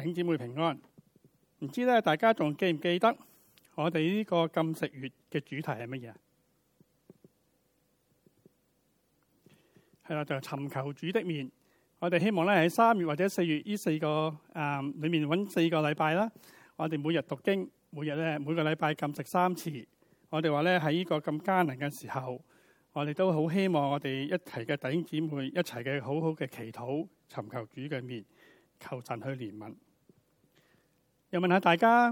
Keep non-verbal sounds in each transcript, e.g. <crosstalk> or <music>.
弟兄姊妹平安，唔知咧大家仲記唔記得我哋呢個禁食月嘅主題係乜嘢啊？係啦，就係尋求主的面。我哋希望咧喺三月或者四月呢四個誒、嗯、裏面揾四個禮拜啦。我哋每日讀經，每日咧每個禮拜禁食三次。我哋話咧喺呢個咁艱難嘅時候，我哋都好希望我哋一齊嘅弟兄姊妹一齊嘅好好嘅祈禱，尋求主嘅面，求神去憐憫。又問下大家，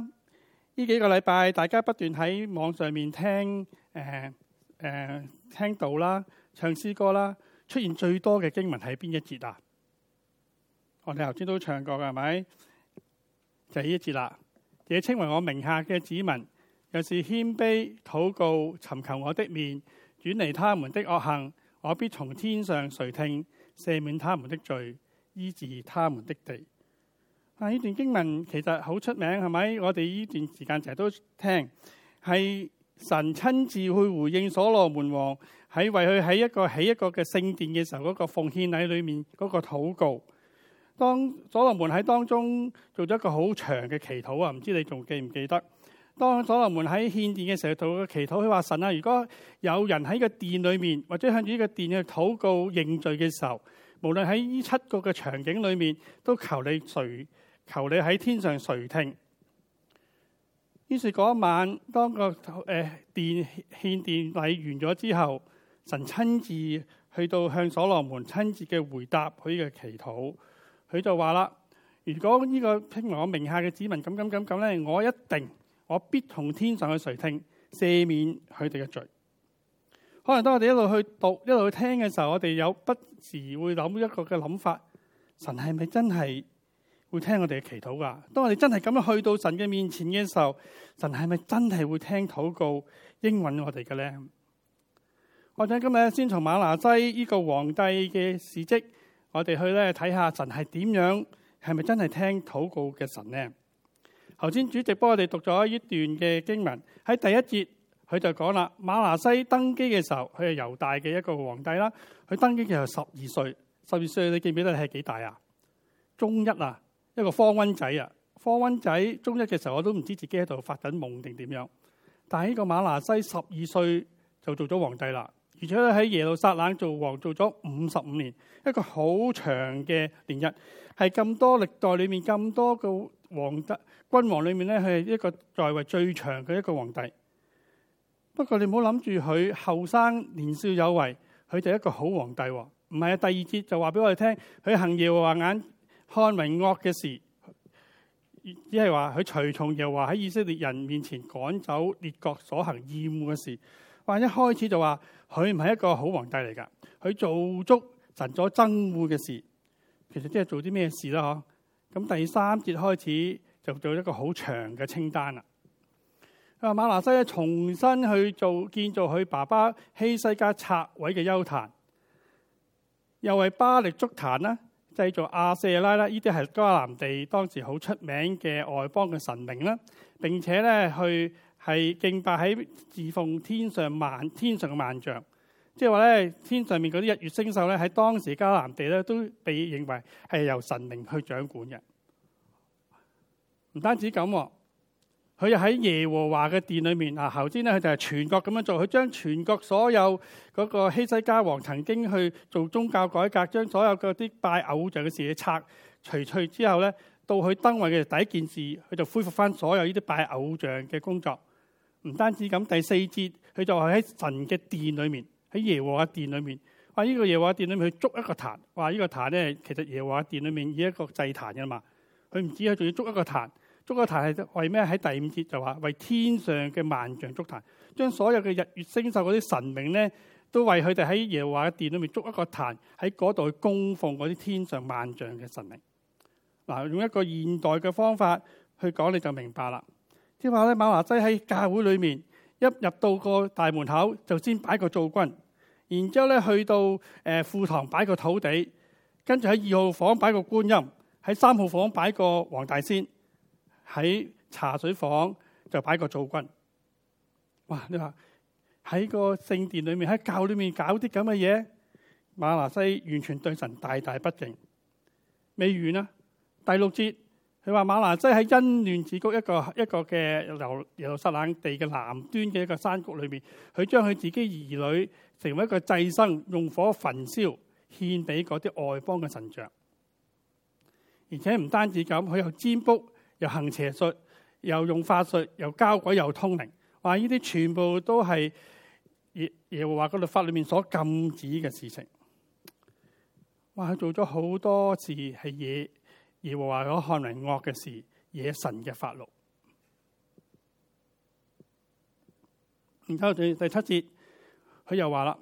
呢幾個禮拜大家不斷喺網上面聽誒誒、呃呃、聽到啦、唱詩歌啦，出現最多嘅經文係邊一節啊？我哋頭先都唱過㗎，係咪？就係、是、呢一節啦。這稱為我名下嘅子民，又是謙卑禱告尋求我的面，遠離他們的惡行，我必從天上垂聽，赦免他們的罪，醫治他們的地。啊！呢段經文其實好出名，係咪？我哋呢段時間成日都聽，係神親自去回應所羅門王喺為佢喺一個喺一個嘅聖殿嘅時候嗰個奉獻禮裏面嗰個禱告。當所羅門喺當中做咗一個好長嘅祈禱啊！唔知你仲記唔記得？當所羅門喺獻殿嘅時候做個祈禱，佢話神啊，如果有人喺個殿裏面或者向住呢個殿去禱告認罪嘅時候，無論喺呢七個嘅場景裏面，都求你垂。求你喺天上垂聽。於是嗰晚，當個誒、呃、電獻殿禮完咗之後，神親自去到向所羅門親自嘅回答佢嘅祈禱。佢就話啦：如果呢、這個聽我名下嘅子民咁咁咁咁咧，我一定我必同天上嘅垂聽，赦免佢哋嘅罪。可能當我哋一路去讀一路去聽嘅時候，我哋有不時會諗一個嘅諗法：神係咪真係？會聽我哋嘅祈禱噶。當我哋真係咁樣去到神嘅面前嘅時候，神係咪真係會聽禱告應允我哋嘅咧？我想今日先從馬拿西呢個皇帝嘅事蹟，我哋去咧睇下神係點樣，係咪真係聽禱告嘅神呢？頭先主席幫我哋讀咗一段嘅經文，喺第一節佢就講啦：馬拿西登基嘅時候，佢係猶大嘅一個皇帝啦。佢登基嘅時候十二歲，十二歲你記唔記得你係幾大啊？中一啊？一個科溫仔啊，科溫仔中一嘅時候我都唔知自己喺度發緊夢定點樣。但係呢個馬拿西十二歲就做咗皇帝啦，而且咧喺耶路撒冷做王做咗五十五年，一個好長嘅年日，係咁多歷代裏面咁多個皇帝君王裏面咧係一個在位最長嘅一個皇帝。不過你唔好諗住佢後生年少有為，佢就係一個好皇帝。唔係啊，第二節就話俾我哋聽，佢行耶和華眼看為惡嘅事，即係話佢隨從又話喺以色列人面前趕走列國所行厭惡嘅事，或一開始就話佢唔係一個好皇帝嚟㗎，佢做足神所憎惡嘅事，其實即係做啲咩事啦？嗬！咁第三節開始就做一個好長嘅清單啦。啊，馬拿西啊，重新去做建造佢爸爸希西家拆毀嘅丘壇，又係巴力築壇啦。製造阿舍拉咧，呢啲係迦南地當時好出名嘅外邦嘅神明啦。並且咧去係敬拜喺侍奉天上萬天上嘅萬象，即係話咧天上面嗰啲日月星宿咧，喺當時迦南地咧都被認為係由神明去掌管嘅。唔單止咁。佢又喺耶和華嘅殿裏面啊，頭先咧佢就係全國咁樣做，佢將全國所有嗰個希西家王曾經去做宗教改革，將所有嗰啲拜偶像嘅事拆除除之後咧，到佢登位嘅第一件事，佢就恢復返所有呢啲拜偶像嘅工作。唔單止咁，第四節佢就係喺神嘅殿裏面，喺耶和華殿裏面，話呢、這個耶和華殿裏面去捉一個壇，話、這個、呢個壇咧其實耶和華殿裏面以一個祭壇噶嘛，佢唔知佢仲要捉一個壇。捉個壇係為咩？喺第五節就話為天上嘅萬象捉壇，將所有嘅日月星宿嗰啲神明咧，都為佢哋喺耶和華嘅殿裏面捉一個壇喺嗰度去供奉嗰啲天上萬象嘅神明。嗱，用一個現代嘅方法去講，你就明白啦。即係話咧，馬華西喺教會裏面一入到個大門口就先擺個灶君，然之後咧去到誒、呃、副堂擺個土地，跟住喺二號房擺個觀音，喺三號房擺個黃大仙。喺茶水房就擺個灶君，哇！你話喺個聖殿裏面，喺教堂裏面搞啲咁嘅嘢，馬拿西完全對神大大不敬。未完啦，第六節佢話馬拿西喺欣嫩子谷一個一個嘅耶路撒冷地嘅南端嘅一個山谷裏面，佢將佢自己兒女成為一個祭牲，用火焚燒獻俾嗰啲外邦嘅神像，而且唔單止咁，佢又占卜。又行邪術，又用法術，又交鬼，又通靈，話呢啲全部都係耶耶和華嗰律法裏面所禁止嘅事情。話佢做咗好多事係耶耶和華所看為惡嘅事，惹神嘅法律。然之後第第七節，佢又話啦，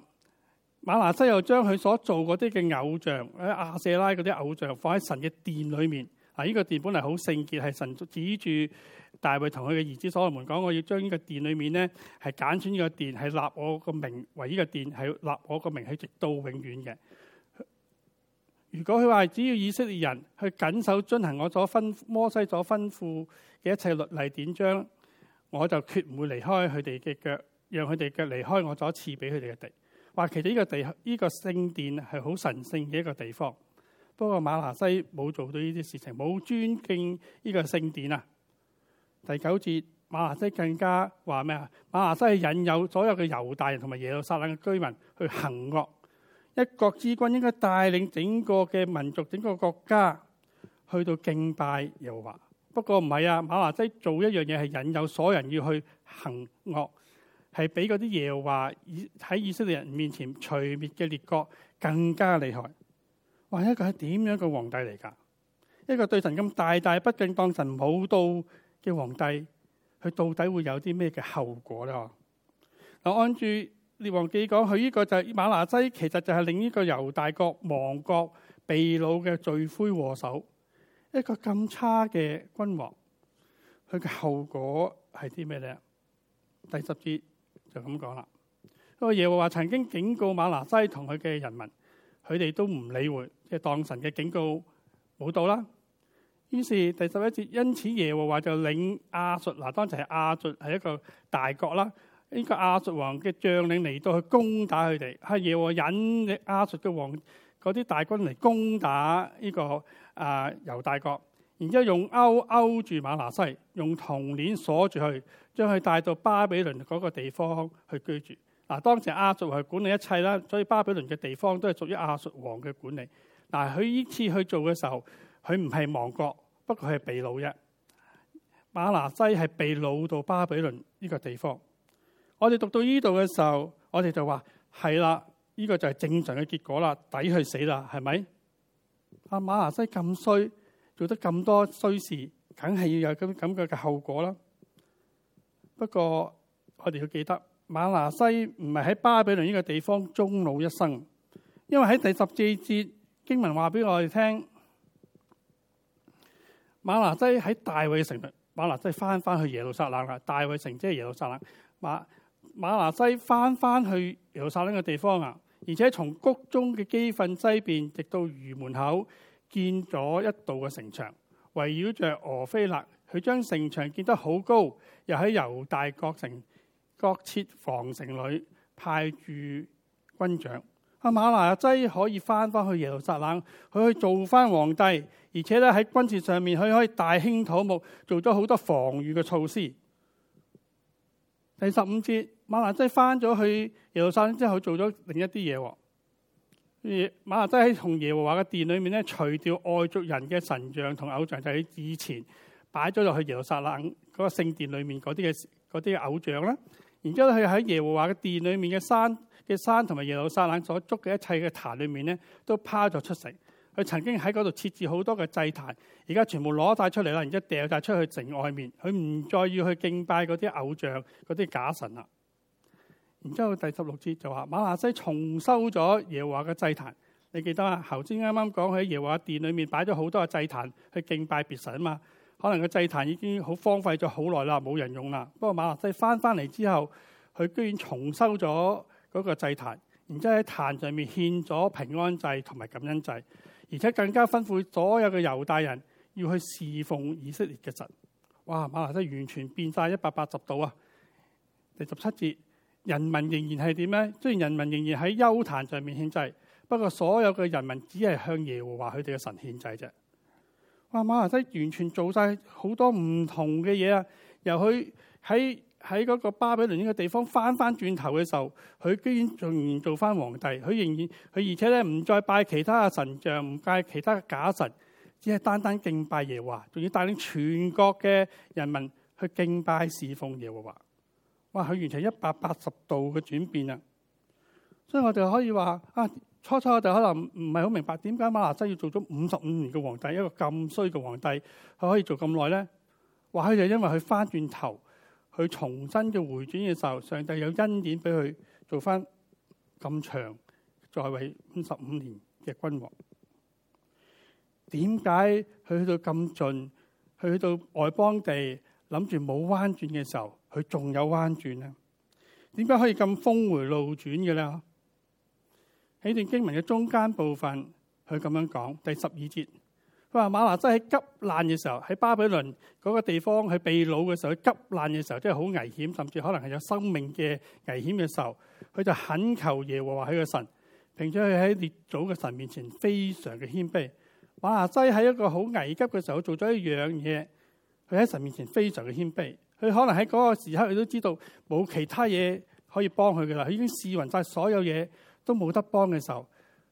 瑪拿西又將佢所做嗰啲嘅偶像喺亞舍拉嗰啲偶像放喺神嘅殿裏面。嗱、這個，呢個殿本嚟好聖潔，係神指住大衛同佢嘅兒子所羅門講：我要將呢這個殿裏面咧，係揀選呢個殿，係立我個名這個名為呢個殿，係立我個名係直到永遠嘅。如果佢話只要以色列人去緊守遵行我所分摩西所吩咐嘅一切律例典章，我就決唔會離開佢哋嘅腳，讓佢哋腳離開我所賜俾佢哋嘅地。話其實呢個地呢、這個聖殿係好神聖嘅一個地方。不過瑪拿西冇做到呢啲事情，冇尊敬呢個聖殿。啊。第九節，瑪拿西更加話咩啊？瑪拿西引誘所有嘅猶大人同埋耶路撒冷嘅居民去行惡。一國之君應該帶領整個嘅民族、整個國家去到敬拜耶和華。不過唔係啊，瑪拿西做一樣嘢係引誘所有人要去行惡，係俾嗰啲耶和華喺以色列人面前除滅嘅列國更加厲害。話一個係點樣嘅皇帝嚟噶？一個對神咁大大不敬，當神冇到嘅皇帝，佢到底會有啲咩嘅後果咧？嗱，按住列王記講，佢呢個就係、馬拿西，其實就係另一個猶大國亡國被擄嘅罪魁禍首。一個咁差嘅君王，佢嘅後果係啲咩咧？第十節就咁講啦。個耶和華曾經警告馬拿西同佢嘅人民。佢哋都唔理會，即係當神嘅警告冇到啦。於是第十一節，因此耶和華就領亞述嗱，當時係亞述係一個大國啦。呢個亞述王嘅將領嚟到去攻打佢哋，係耶和引亞述嘅王嗰啲大軍嚟攻打呢個啊猶大國，然之後用勾勾住馬拿西，用銅鏈鎖住佢，將佢帶到巴比倫嗰個地方去居住。嗱，當時亞述係管理一切啦，所以巴比倫嘅地方都係屬於亞述王嘅管理。嗱，佢呢次去做嘅時候，佢唔係亡國，不過係被擄嘅。馬拿西係被擄到巴比倫呢個地方。我哋讀到呢度嘅時候，我哋就話：係啦，呢個就係正常嘅結果啦，抵佢死啦，係咪？啊，馬拿西咁衰，做得咁多衰事，梗係要有咁樣嘅後果啦。不過我哋要記得。馬拿西唔係喺巴比倫呢個地方終老一生，因為喺第十四節經文話俾我哋聽，馬拿西喺大衛城，馬拿西翻翻去耶路撒冷啦。大衛城即係耶路撒冷，馬馬拿西翻翻去耶路撒冷嘅地方啊！而且從谷中嘅基訓西邊，直到魚門口，建咗一道嘅城牆，圍繞着俄菲勒。佢將城牆建得好高，又喺猶大各城。各設防城裏，派駐軍長。阿馬拿亞基可以翻翻去耶路撒冷，佢去做翻皇帝，而且咧，喺軍事上面佢可以大興土木，做咗好多防禦嘅措施。第十五節，馬拿亞基翻咗去耶路撒冷之後，做咗另一啲嘢。馬拿亞基喺同耶和華嘅殿裏面咧，除掉外族人嘅神像同偶像，就係、是、以前擺咗落去耶路撒冷嗰個聖殿裏面嗰啲嘅啲偶像啦。然之後佢喺耶和華嘅殿裏面嘅山嘅山同埋耶路撒冷所築嘅一切嘅壇裏面咧，都拋咗出城。佢曾經喺嗰度設置好多嘅祭壇，而家全部攞曬出嚟啦，然之後掉曬出去城外面。佢唔再要去敬拜嗰啲偶像、嗰啲假神啦。然之後第十六節就話，瑪拿西重修咗耶和華嘅祭壇。你記得啊？頭先啱啱講佢喺耶和華殿裏面擺咗好多嘅祭壇去敬拜別神啊嘛。可能個祭壇已經好荒廢咗好耐啦，冇人用啦。不過瑪拿西翻翻嚟之後，佢居然重修咗嗰個祭壇，然之後喺壇上面獻咗平安祭同埋感恩祭，而且更加吩咐所有嘅猶大人要去侍奉以色列嘅神。哇！瑪拿西完全變晒一百八十度啊！第十七節，人民仍然係點呢？雖然人民仍然喺丘壇上面獻祭，不過所有嘅人民只係向耶和華佢哋嘅神獻祭啫。啊！馬來西完全做晒好多唔同嘅嘢啊！由佢喺喺個巴比倫呢個地方翻翻轉頭嘅時候，佢居然仍然做翻皇帝，佢仍然佢而且咧唔再拜其他嘅神像，唔拜其他嘅假神，只係單單敬拜耶和華，仲要帶領全國嘅人民去敬拜侍奉耶和華。哇！佢完全一百八十度嘅轉變啊！所以我哋可以話。啊～初初我哋可能唔係好明白點解瑪拿西要做咗五十五年嘅皇帝，一個咁衰嘅皇帝，佢可以做咁耐咧？話，佢就因為佢翻轉頭，去重新嘅回轉嘅時候，上帝有恩典俾佢做翻咁長在位五十五年嘅君王。點解佢去到咁盡，去到外邦地諗住冇彎轉嘅時候，佢仲有彎轉咧？點解可以咁峰回路轉嘅咧？喺段經文嘅中間部分，佢咁樣講，第十二節，佢話馬拿西喺急難嘅時候，喺巴比倫嗰個地方佢被擄嘅時候，佢急難嘅時候，即係好危險，甚至可能係有生命嘅危險嘅時候，佢就懇求耶和華佢嘅神，憑住佢喺列祖嘅神面前非常嘅謙卑，馬拿西喺一個好危急嘅時候做咗一樣嘢，佢喺神面前非常嘅謙卑，佢可能喺嗰個時刻佢都知道冇其他嘢可以幫佢噶啦，佢已經試勻晒所有嘢。都冇得幫嘅時候，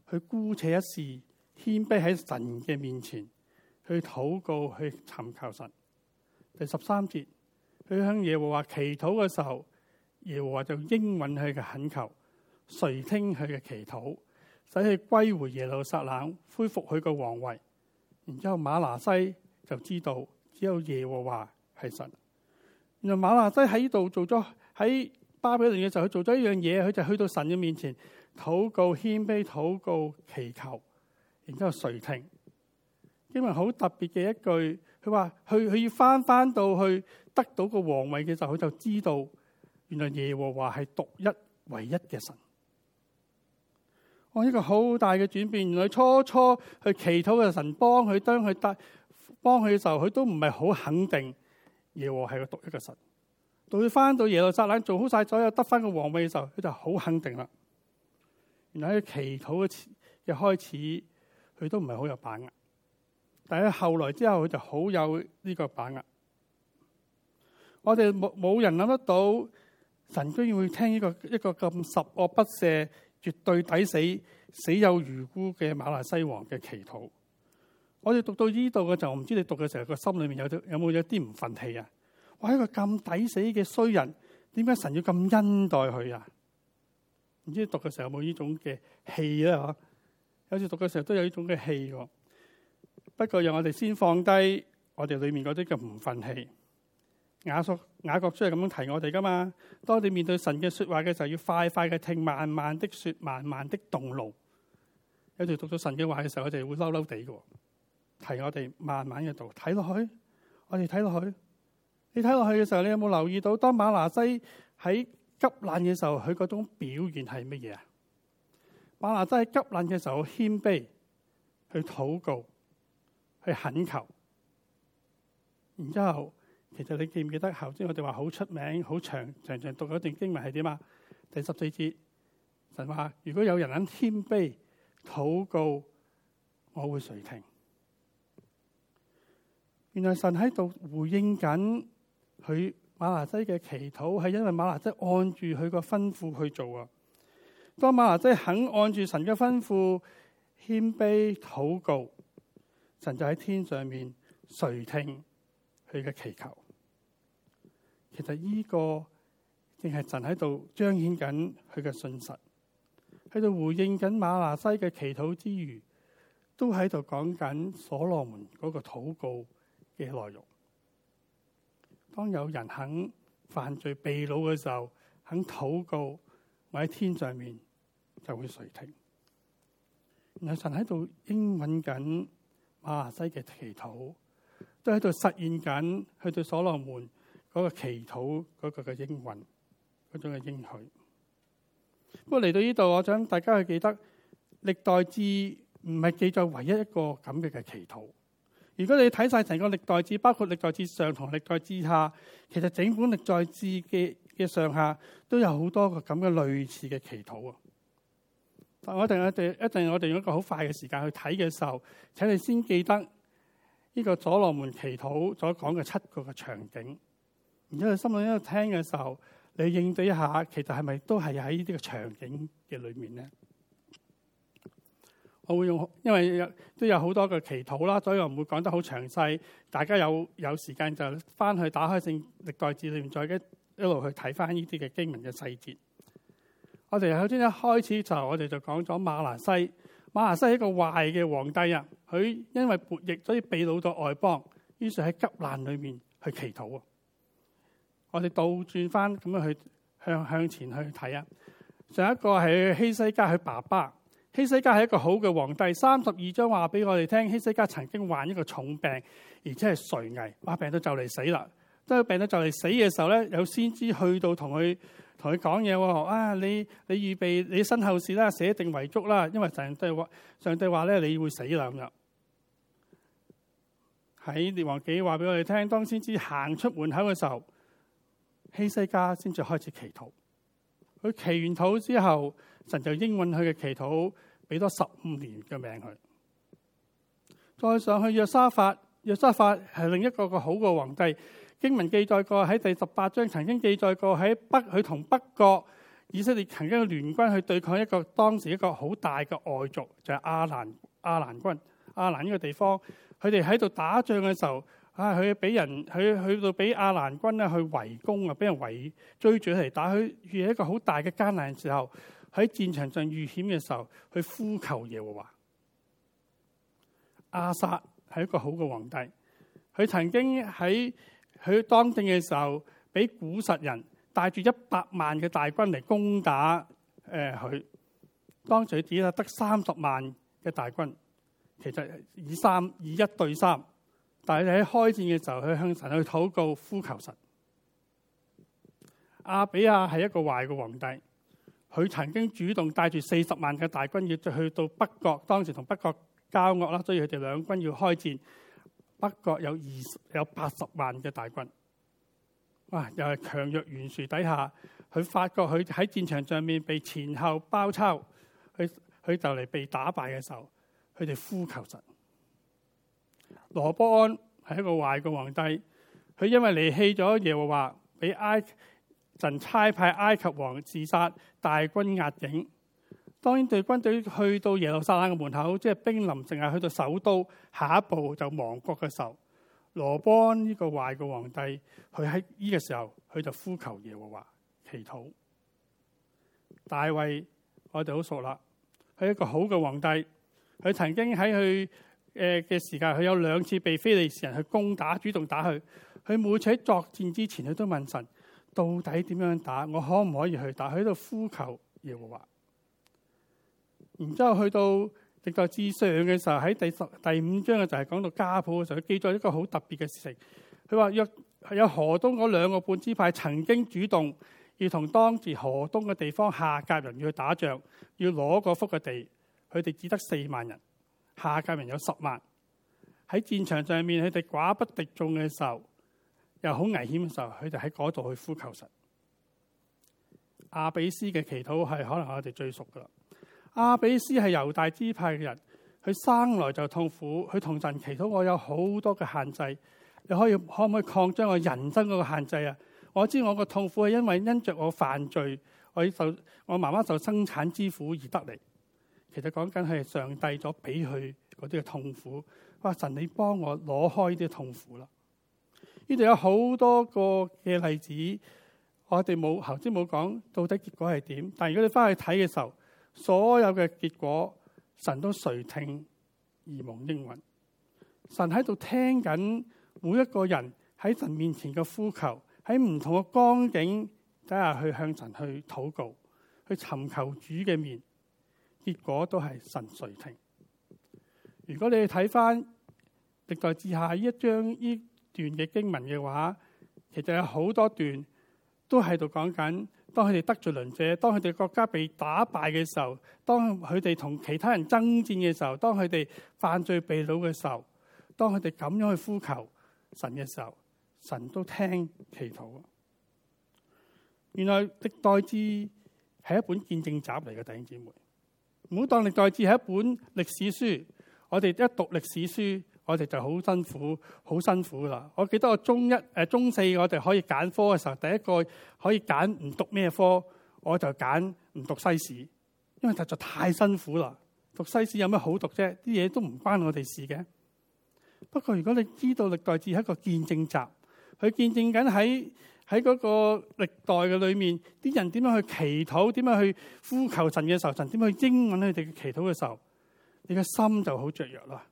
佢姑且一試，謙卑喺神嘅面前去禱告，去尋求神。第十三節，佢向耶和華祈禱嘅時候，耶和華就應允佢嘅懇求，垂聽佢嘅祈禱，使佢歸回耶路撒冷，恢復佢個皇位。然之後馬拿西就知道只有耶和華係神。然後馬拿西喺度做咗喺巴比倫嘅時候，佢做咗一樣嘢，佢就去到神嘅面前。禱告、謙卑、禱告、祈求，然之後垂聽。今日好特別嘅一句，佢話：佢佢要翻翻到去得到個皇位嘅時候，佢就知道原來耶和華係獨一唯一嘅神。我一個好大嘅轉變，原來初初去祈禱嘅神幫佢，當佢得幫佢嘅時候，佢都唔係好肯定耶和係個獨一嘅神。到佢翻到耶路撒冷做好晒所有得翻個皇位嘅時候，佢就好肯定啦。原來喺祈禱嘅時，又開始佢都唔係好有把握。但喺後來之後，佢就好有呢個把握。我哋冇冇人諗得到，神居然會聽呢個一個咁十惡不赦、絕對抵死、死有餘辜嘅馬蘭西王嘅祈禱。我哋讀到呢度嘅就，唔知你讀嘅時候個心裏面有有冇有啲唔忿氣啊？我一個咁抵死嘅衰人，點解神要咁恩待佢啊？唔知讀嘅時候有冇呢種嘅氣咧？嗬，有時讀嘅時候都有呢種嘅氣嘅。不過讓我哋先放低我哋裏面嗰啲嘅唔忿氣。雅索雅各書係咁樣提我哋噶嘛？當我哋面對神嘅說話嘅時候，要快快嘅聽，慢慢的說，慢慢的動怒。有時讀到神嘅話嘅時候，我哋會嬲嬲地嘅。提我哋慢慢嘅讀，睇落去，我哋睇落去。你睇落去嘅時候，你有冇留意到？當馬拿西喺急難嘅時候，佢嗰種表現係乜嘢啊？馬拿喺急難嘅時候，謙卑去禱告，去懇求。然之後，其實你記唔記得頭先我哋話好出名、好長、長長讀嗰段經文係點啊？第十四節，神話如果有人肯謙卑禱告，我會垂聽。原來神喺度回應緊佢。馬拿西嘅祈禱係因為馬拿西按住佢個吩咐去做啊。當馬拿西肯按住神嘅吩咐謙卑禱告，神就喺天上面垂聽佢嘅祈求。其實呢個正係神喺度彰顯緊佢嘅信實，喺度回應緊馬拿西嘅祈禱之餘，都喺度講緊所羅門嗰個禱告嘅內容。當有人肯犯罪、秘老嘅時候，肯禱告，或喺天上面就會垂聽。聽。神喺度應允緊瑪拿西嘅祈禱，都喺度實現緊佢對所羅門嗰個祈禱嗰個嘅應允、嗰種嘅應許。不過嚟到呢度，我想大家去記得，歷代志唔係記載唯一一個咁嘅嘅祈禱。如果你睇晒成個歷代志，包括歷代志上同歷代志下，其實整本歷代志嘅嘅上下都有好多個咁嘅類似嘅祈禱啊！但我哋我哋一定我哋用一個好快嘅時間去睇嘅時候，請你先記得呢個左羅門祈禱所講嘅七個嘅場景，然後你心裏邊聽嘅時候，你應對一下，其實係咪都係喺呢啲嘅場景嘅裏面咧？我會用，因為都有好多嘅祈禱啦，所以我唔會講得好詳細。大家有有時間就翻去打開聖歷代志裏面，再一路去睇翻呢啲嘅經文嘅細節。我哋頭先一開始就我哋就講咗馬拿西，馬拿西係一個壞嘅皇帝啊，佢因為叛逆，所以被擄到外邦，於是喺急難裏面去祈禱啊。我哋倒轉翻咁樣去向向前去睇啊。上一個係希西家，佢爸爸。希西家係一個好嘅皇帝，三十二章話俾我哋聽，希西家曾經患一個重病，而且係垂危，哇病到就嚟死啦。當佢病到就嚟死嘅時候咧，有先知去到同佢同佢講嘢，啊，你你預備你身後事啦，寫定遺囑啦，因為上帝話上帝話咧你會死啦咁樣。喺列王紀話俾我哋聽，當先知行出門口嘅時候，希西家先至開始祈禱。佢祈完禱之後。神就應允佢嘅祈禱，俾多十五年嘅命佢。再上去約沙法，約沙法係另一個個好嘅皇帝。經文記載過喺第十八章，曾經記載過喺北佢同北國以色列曾經嘅聯軍去對抗一個當時一個好大嘅外族，就係亞蘭亞蘭軍。亞蘭呢個地方，佢哋喺度打仗嘅時候，唉，佢俾人佢去到俾亞蘭軍咧去圍攻啊，俾人圍追住嚟打，佢遇一個好大嘅艱難嘅時候。喺戰場上遇險嘅時候，去呼求耶和華。阿薩係一個好嘅皇帝，佢曾經喺佢當政嘅時候，俾古實人帶住一百萬嘅大軍嚟攻打誒佢，當時佢自己啦得三十萬嘅大軍，其實以三以一對三，但係喺開戰嘅時候，佢向神去禱告呼求神。阿比亞係一個壞嘅皇帝。佢曾經主動帶住四十萬嘅大軍要去到北國，當時同北國交惡啦，所以佢哋兩軍要開戰。北國有二十有八十萬嘅大軍，哇！又係強弱懸殊底下，佢發覺佢喺戰場上面被前後包抄，佢佢就嚟被打敗嘅時候，佢哋呼求神。羅波安係一個壞嘅皇帝，佢因為離棄咗耶和華，俾埃神差派埃及王自殺，大軍壓境。當然，對軍隊去到耶路撒冷嘅門口，即係兵臨，淨係去到首都，下一步就亡國嘅時候，羅邦呢個壞嘅皇帝，佢喺呢個時候，佢就呼求耶和華，祈禱。大衛，我哋好熟啦，佢一個好嘅皇帝，佢曾經喺佢誒嘅時間，佢有兩次被非利士人去攻打，主動打佢。佢每次喺作戰之前，佢都問神。到底點樣打？我可唔可以去打？喺度呼求耶和華，然之後去到歷代志上嘅時候，喺第十第五章嘅就係講到家譜嘅時候，佢記載一個好特別嘅事情。佢話約有河東嗰兩個半支派曾經主動要同當時河東嘅地方夏甲人要去打仗，要攞個福嘅地，佢哋只得四萬人，夏甲人有十萬，喺戰場上面佢哋寡不敵眾嘅時候。又好危險嘅時候，佢就喺嗰度去呼求神。阿比斯嘅祈禱係可能我哋最熟噶啦。阿比斯係猶大支派嘅人，佢生來就痛苦，佢同神祈禱，我有好多嘅限制。你可以可唔可以擴張我人生嗰個限制啊？我知道我個痛苦係因為因着我犯罪，我受我媽媽受生產之苦而得嚟。其實講緊係上帝咗俾佢嗰啲嘅痛苦。哇！神你幫我攞開呢啲痛苦啦。呢度有好多個嘅例子，我哋冇頭先冇講到底結果係點。但係如果你翻去睇嘅時候，所有嘅結果神都垂聽而無應允。神喺度聽緊每一個人喺神面前嘅呼求，喺唔同嘅光景底下去向神去禱告，去尋求主嘅面，結果都係神垂聽。如果你睇翻《歷代志下》呢一章呢段嘅經文嘅話，其實有好多段都喺度講緊，當佢哋得罪鄰舍，當佢哋國家被打敗嘅時候，當佢哋同其他人爭戰嘅時候，當佢哋犯罪悖逆嘅時候，當佢哋咁樣去呼求神嘅時候，神都聽祈禱。原來歷代志係一本見證集嚟嘅弟兄姊妹，唔好當歷代志係一本歷史書，我哋一讀歷史書。我哋就好辛苦，好辛苦啦！我記得我中一、呃、中四，我哋可以揀科嘅時候，第一個可以揀唔讀咩科，我就揀唔讀西史，因為實在太辛苦啦。讀西史有咩好讀啫？啲嘢都唔關我哋事嘅。不過如果你知道歷代志係一個見證集，佢見證緊喺喺嗰個歷代嘅裏面，啲人點樣去祈禱，點樣去呼求神嘅時候，神點樣應允佢哋嘅祈禱嘅時候，你嘅心就好雀躍啦。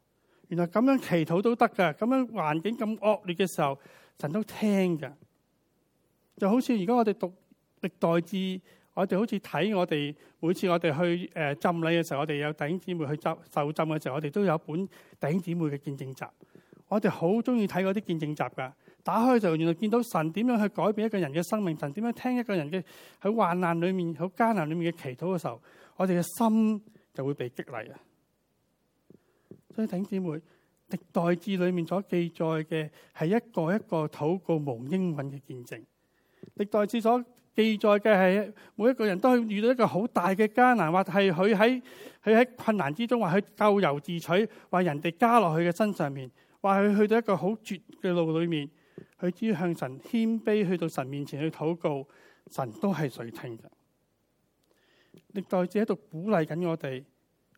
原來咁樣祈禱都得噶，咁樣環境咁惡劣嘅時候，神都聽噶。就好似而家我哋讀歷代志，我哋好似睇我哋每次我哋去誒浸禮嘅時候，我哋有弟兄姊妹去浸受浸嘅時候，我哋都有一本弟兄姊妹嘅見證集。我哋好中意睇嗰啲見證集噶，打開就原來見到神點樣去改變一個人嘅生命，神點樣聽一個人嘅喺患難裏面、好艱難裏面嘅祈禱嘅時候，我哋嘅心就會被激勵啊！所以，弟兄姊妹，歷代志裏面所記載嘅係一個一個禱告無英文嘅見證。歷代志所記載嘅係每一個人都遇到一個好大嘅艱難，或係佢喺佢喺困難之中，或佢咎由自取，或人哋加落佢嘅身上面，話佢去到一個好絕嘅路裏面，佢只要向神謙卑，去到神面前去禱告，神都係垂聽嘅。歷代志喺度鼓勵緊我哋。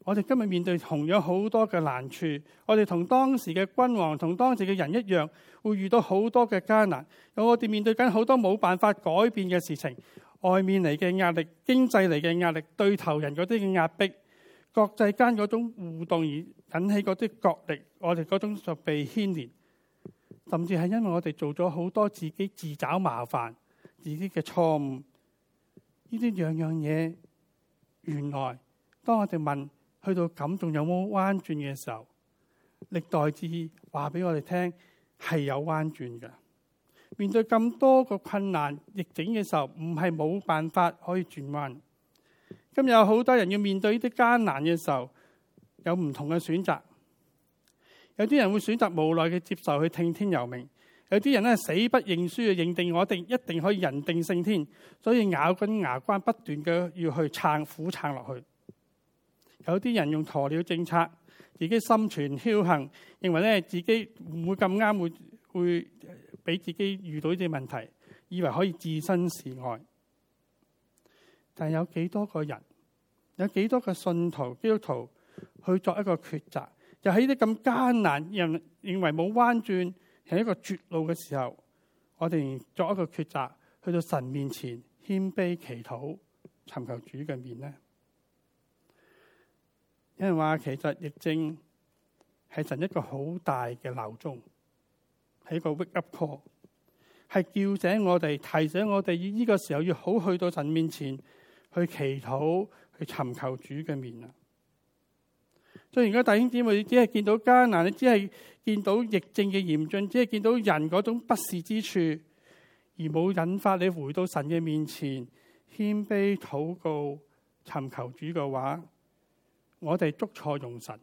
我哋今日面對同樣好多嘅難處，我哋同當時嘅君王、同當時嘅人一樣，會遇到好多嘅艱難。有我哋面對緊好多冇辦法改變嘅事情，外面嚟嘅壓力、經濟嚟嘅壓力、對頭人嗰啲嘅壓迫，國際間嗰種互動而引起嗰啲角力，我哋嗰種就被牽連，甚至係因為我哋做咗好多自己自找麻煩、自己嘅錯誤，呢啲樣樣嘢，原來當我哋問。去到咁仲有冇彎轉嘅時候？歷代志話俾我哋聽係有彎轉㗎。面對咁多個困難逆境嘅時候，唔係冇辦法可以轉彎。今日有好多人要面對呢啲艱難嘅時候，有唔同嘅選擇。有啲人會選擇無奈嘅接受去聽天由命；有啲人咧，死不認輸，認定我哋一定可以人定勝天，所以咬緊牙關不斷嘅要去撐苦撐落去。有啲人用鴕鳥政策，自己心存僥倖，認為咧自己唔會咁啱會會俾自己遇到啲問題，以為可以置身事外。但係有幾多個人，有幾多個信徒基督徒去作一個抉擇，就喺啲咁艱難，認認為冇彎轉，係一個絕路嘅時候，我哋作一個抉擇，去到神面前謙卑祈禱，尋求主嘅面呢？有人話其實疫症係神一個好大嘅鬧鐘，係一個 wake up call，係叫醒我哋、提醒我哋，呢個時候要好去到神面前去祈禱、去尋求主嘅面啊！所以而家弟兄姊妹，你只係見到艱難，你只係見到疫症嘅嚴峻，只係見到人嗰種不是之處，而冇引發你回到神嘅面前，謙卑禱告、尋求主嘅話。我哋捉錯用神，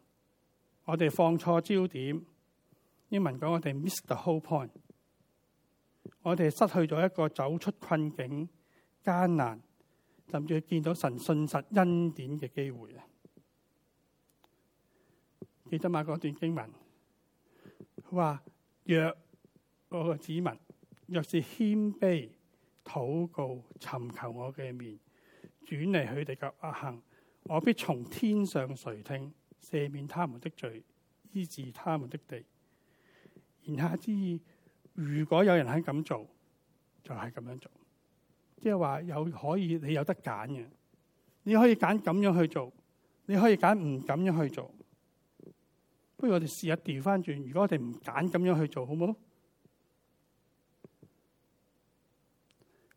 我哋放錯焦點，英文講我哋 miss the whole point，我哋失去咗一個走出困境、艱難，甚至去見到神信實恩典嘅機會啊！記得嗎？嗰段經文，佢話若我個子民若是謙卑禱告尋求我嘅面，轉嚟佢哋嘅惡行。我必從天上垂聽，赦免他們的罪，醫治他們的地。言下之意，如果有人肯咁做，就係咁樣做。即係話有可以，你有得揀嘅。你可以揀咁樣去做，你可以揀唔咁樣去做。不如我哋試下調翻轉，如果我哋唔揀咁樣去做，好唔好？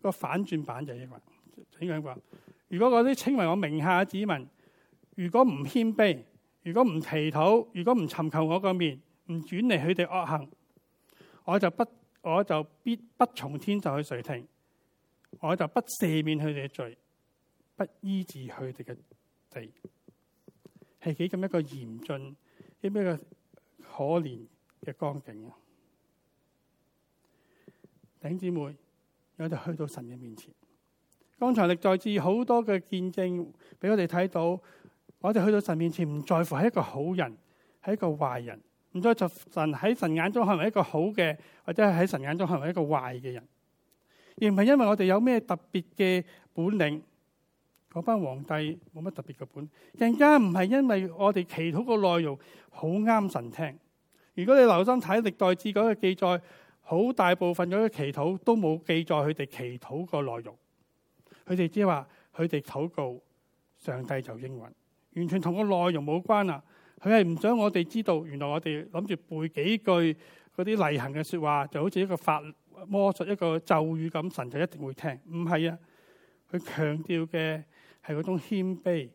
個反轉版就一個，點解講？如果嗰啲稱為我名下嘅子民，如果唔謙卑，如果唔祈禱，如果唔尋求我個面，唔遠離佢哋惡行，我就不我就必不從天就去垂聽，我就不赦免佢哋嘅罪，不醫治佢哋嘅地，係幾咁一個嚴峻，幾咁一個可憐嘅光景啊！弟兄姊妹，我哋去到神嘅面前。剛才《歷代志》好多嘅見證俾我哋睇到，我哋去到神面前唔在乎係一個好人，係一個壞人，唔在乎神喺神眼中係咪一個好嘅，或者係喺神眼中係咪一個壞嘅人，而唔係因為我哋有咩特別嘅本領。班皇帝冇乜特別嘅本領，更加唔係因為我哋祈禱個內容好啱神聽。如果你留心睇《歷代志》嗰個記載，好大部分嗰個祈禱都冇記載佢哋祈禱個內容。佢哋只係話佢哋禱告，上帝就應允，完全同個內容冇關啦。佢係唔想我哋知道，原來我哋諗住背幾句嗰啲例行嘅說話，就好似一個法魔術、一個咒語咁，神就一定會聽。唔係啊，佢強調嘅係嗰種謙卑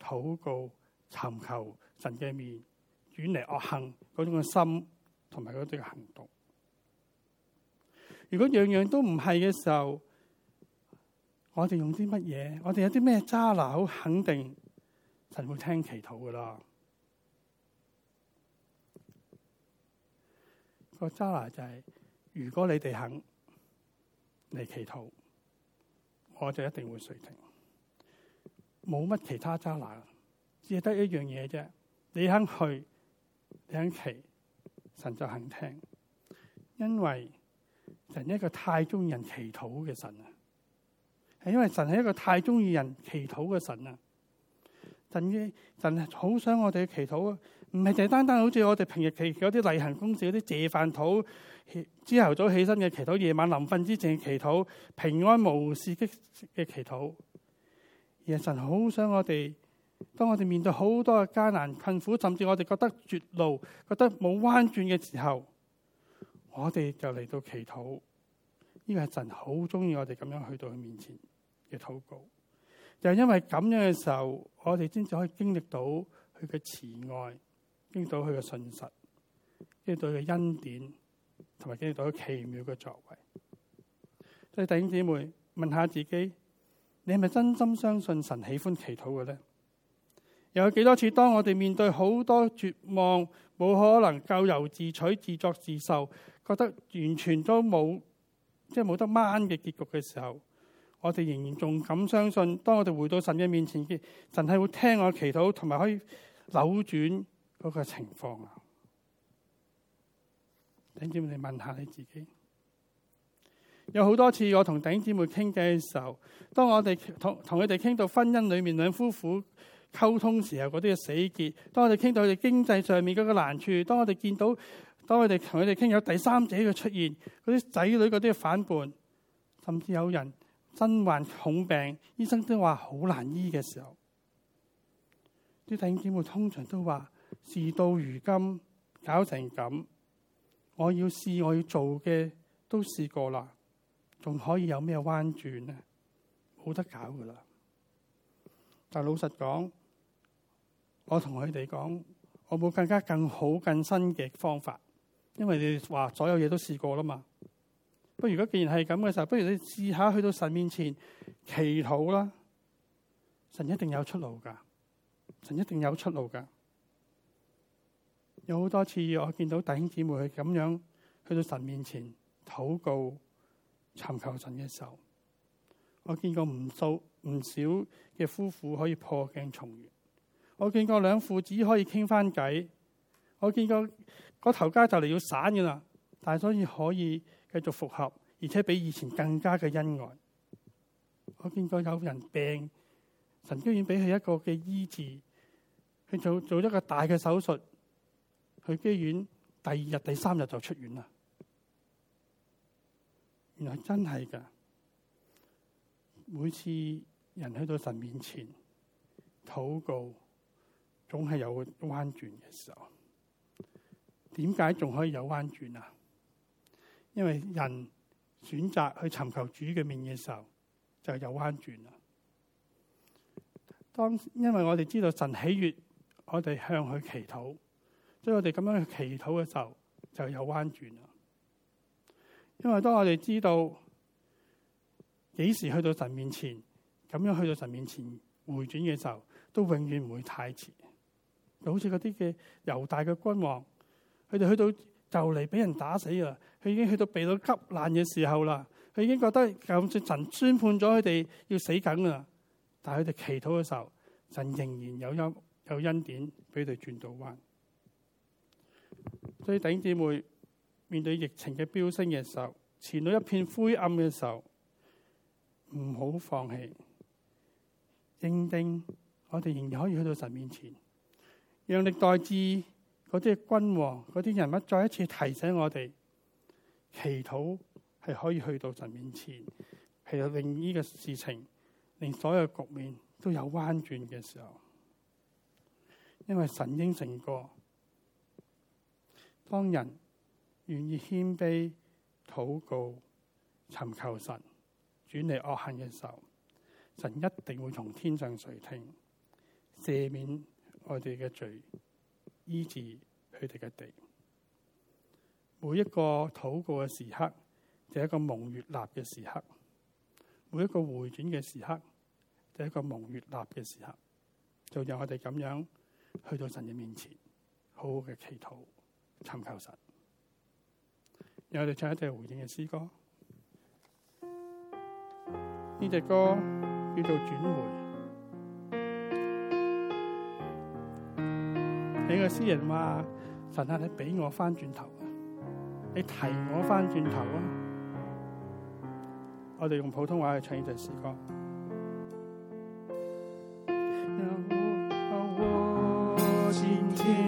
禱告、尋求神嘅面，遠離惡行嗰種嘅心，同埋嗰啲嘅行動。如果樣樣都唔係嘅時候，我哋用啲乜嘢？我哋有啲咩揸拿好肯定神會聽祈禱㗎喇？個揸拿就係、是、如果你哋肯嚟祈禱，我就一定會垂聽。冇乜其他揸拿，只係得一樣嘢啫。你肯去，你肯祈，神就肯聽，因為神一個太中意人祈禱嘅神啊！係因為神係一個太中意人祈禱嘅神啊！神嘅神好想我哋祈禱啊！唔係淨係單單好似我哋平日祈禱啲例行公事，啲謝飯禱、朝頭早起身嘅祈禱、夜晚臨瞓之前嘅祈禱、平安無事嘅嘅祈禱。而神好想我哋，當我哋面對好多嘅艱難困苦，甚至我哋覺得絕路、覺得冇彎轉嘅時候，我哋就嚟到祈禱。呢個係神好中意我哋咁樣去到佢面前嘅禱告，就係因為咁樣嘅時候，我哋先至可以經歷到佢嘅慈愛，經歷到佢嘅信實，經歷到佢嘅恩典，同埋經歷到佢奇妙嘅作為。所以弟兄姊妹，問下自己，你係咪真心相信神喜歡祈禱嘅咧？又有幾多次當我哋面對好多絕望，冇可能，咎由自取，自作自受，覺得完全都冇。即係冇得掹嘅結局嘅時候，我哋仍然仲敢相信，當我哋回到神嘅面前，嘅神係會聽我祈禱，同埋可以扭轉嗰個情況啊！頂姐妹，你問下你自己。有好多次我同頂姐妹傾偈嘅時候，當我哋同同佢哋傾到婚姻裏面兩夫婦溝通時候嗰啲嘅死結，當我哋傾到佢哋經濟上面嗰個難處，當我哋見到。當我哋同佢哋傾，有第三者嘅出現，嗰啲仔女嗰啲反叛，甚至有人身患重病，醫生都話好難醫嘅時候，啲頂尖會通常都話：事到如今搞成咁，我要試我要做嘅都試過啦，仲可以有咩彎轉咧？冇得搞噶啦！但老實講，我同佢哋講，我冇更加更好更新嘅方法。因為你話所有嘢都試過啦嘛，不如如果既然係咁嘅時候，不如你試下去到神面前祈禱啦，神一定有出路噶，神一定有出路噶。有好多次我見到弟兄姊妹去咁樣去到神面前禱告、尋求神嘅時候，我見過唔數唔少嘅夫婦可以破鏡重圓，我見過兩父子可以傾翻偈，我見過。那個頭家就嚟要散嘅啦，但係，所以可以繼續復合，而且比以前更加嘅恩愛。我見過有人病，神居然俾佢一個嘅醫治，去做做一個大嘅手術，去醫院第二日，第三日就出院啦。原來真係噶，每次人去到神面前禱告，總係有個彎轉嘅時候。點解仲可以有彎轉啊？因為人選擇去尋求主嘅面嘅時候就有彎轉啦。當因為我哋知道神喜悅，我哋向佢祈禱，所以我哋咁樣去祈禱嘅時候就有彎轉啦。因為當我哋知道幾時去到神面前，咁樣去到神面前回轉嘅時候，都永遠唔會太遲。就好似嗰啲嘅猶大嘅君王。佢哋去到就嚟俾人打死啦，佢已經去到避到急爛嘅時候啦，佢已經覺得咁，神宣判咗佢哋要死梗啦。但係佢哋祈禱嘅時候，神仍然有恩有恩典俾佢哋轉到彎。所以弟兄姊妹面對疫情嘅飆升嘅時候，前到一片灰暗嘅時候，唔好放棄，認定我哋仍然可以去到神面前，讓力代志。嗰啲君王、嗰啲人物，再一次提醒我哋：祈禱係可以去到神面前，係有令呢個事情，令所有局面都有彎轉嘅時候。因為神應承過，當人願意謙卑禱告、尋求神、轉離惡行嘅時候，神一定會從天上垂聽赦免我哋嘅罪。醫治佢哋嘅地，每一個禱告嘅時刻，就一個蒙悅納嘅時刻；每一個回轉嘅時刻，就一個蒙悅納嘅時刻。就讓我哋咁樣，去到神嘅面前，好好嘅祈禱，尋求神。讓我哋唱一隻回應嘅詩歌，呢隻歌叫做轉回。你個詩人話：神啊，你俾我翻轉頭啊！你提我翻轉頭啊！我哋用普通話嚟唱一段時歌。 <music>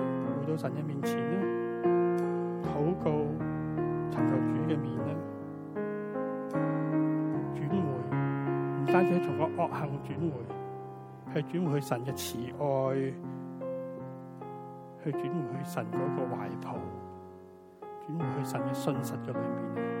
到神嘅面前呢，禱告，尋求主嘅面呢，轉回，唔單止從個惡行轉回，去轉回神嘅慈愛，去轉回神嗰個懷抱，轉回神嘅信實嘅裏面。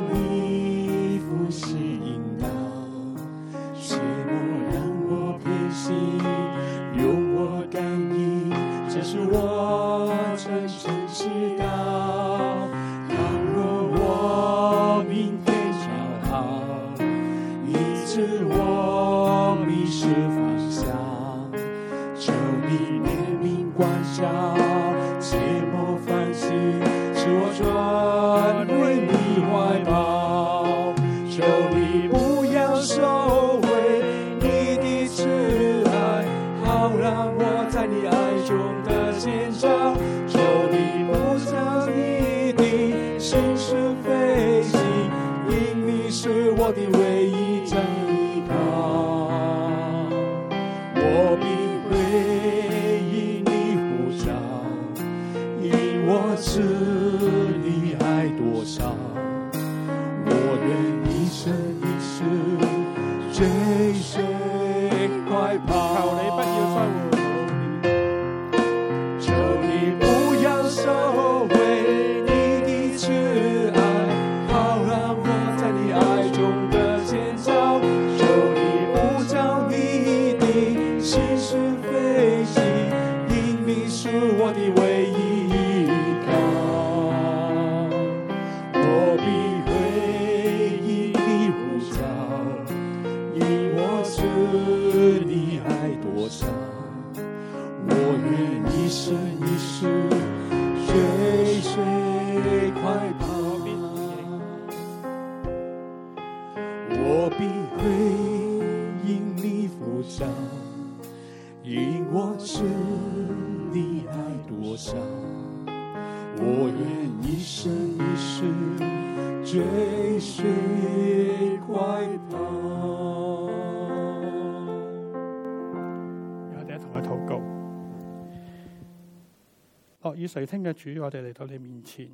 垂聽嘅主，我哋嚟到你面前，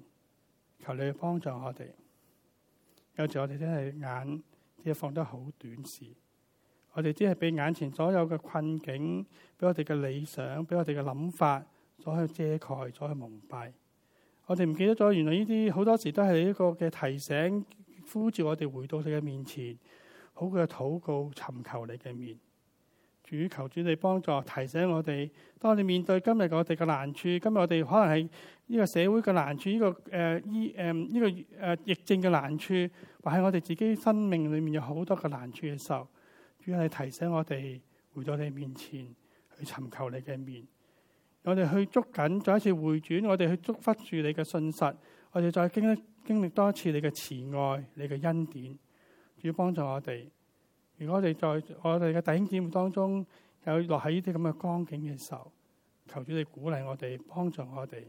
求你去幫助我哋。有時我哋真係眼即係放得好短視，我哋只係俾眼前所有嘅困境，俾我哋嘅理想，俾我哋嘅諗法，所去遮蓋，所去蒙蔽。我哋唔記得咗，原來呢啲好多時都係一個嘅提醒，呼召我哋回到你嘅面前，好嘅禱告，尋求你嘅面。主求主你幫助提醒我哋，當你面對今日我哋嘅難處，今日我哋可能係呢個社會嘅難處，呢、這個誒依誒呢個誒、呃、疫症嘅難處，或係我哋自己生命裏面有好多嘅難處嘅時候，主係提醒我哋回到你面前去尋求你嘅面，我哋去捉緊再一次回轉，我哋去捉忽住你嘅信實，我哋再經一經歷多一次你嘅慈愛、你嘅恩典，主要幫助我哋。如果我哋在我哋嘅弟兄姊妹當中有落喺呢啲咁嘅光景嘅時候，求主你鼓勵我哋，幫助我哋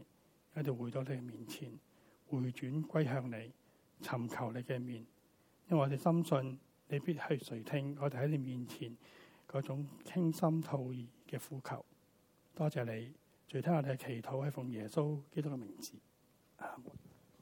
喺度回到你嘅面前，回轉歸向你，尋求你嘅面，因為我哋深信你必係垂聽我哋喺你面前嗰種傾心吐意嘅呼求。多謝你，垂聽我哋祈禱係奉耶穌基督嘅名字。啊。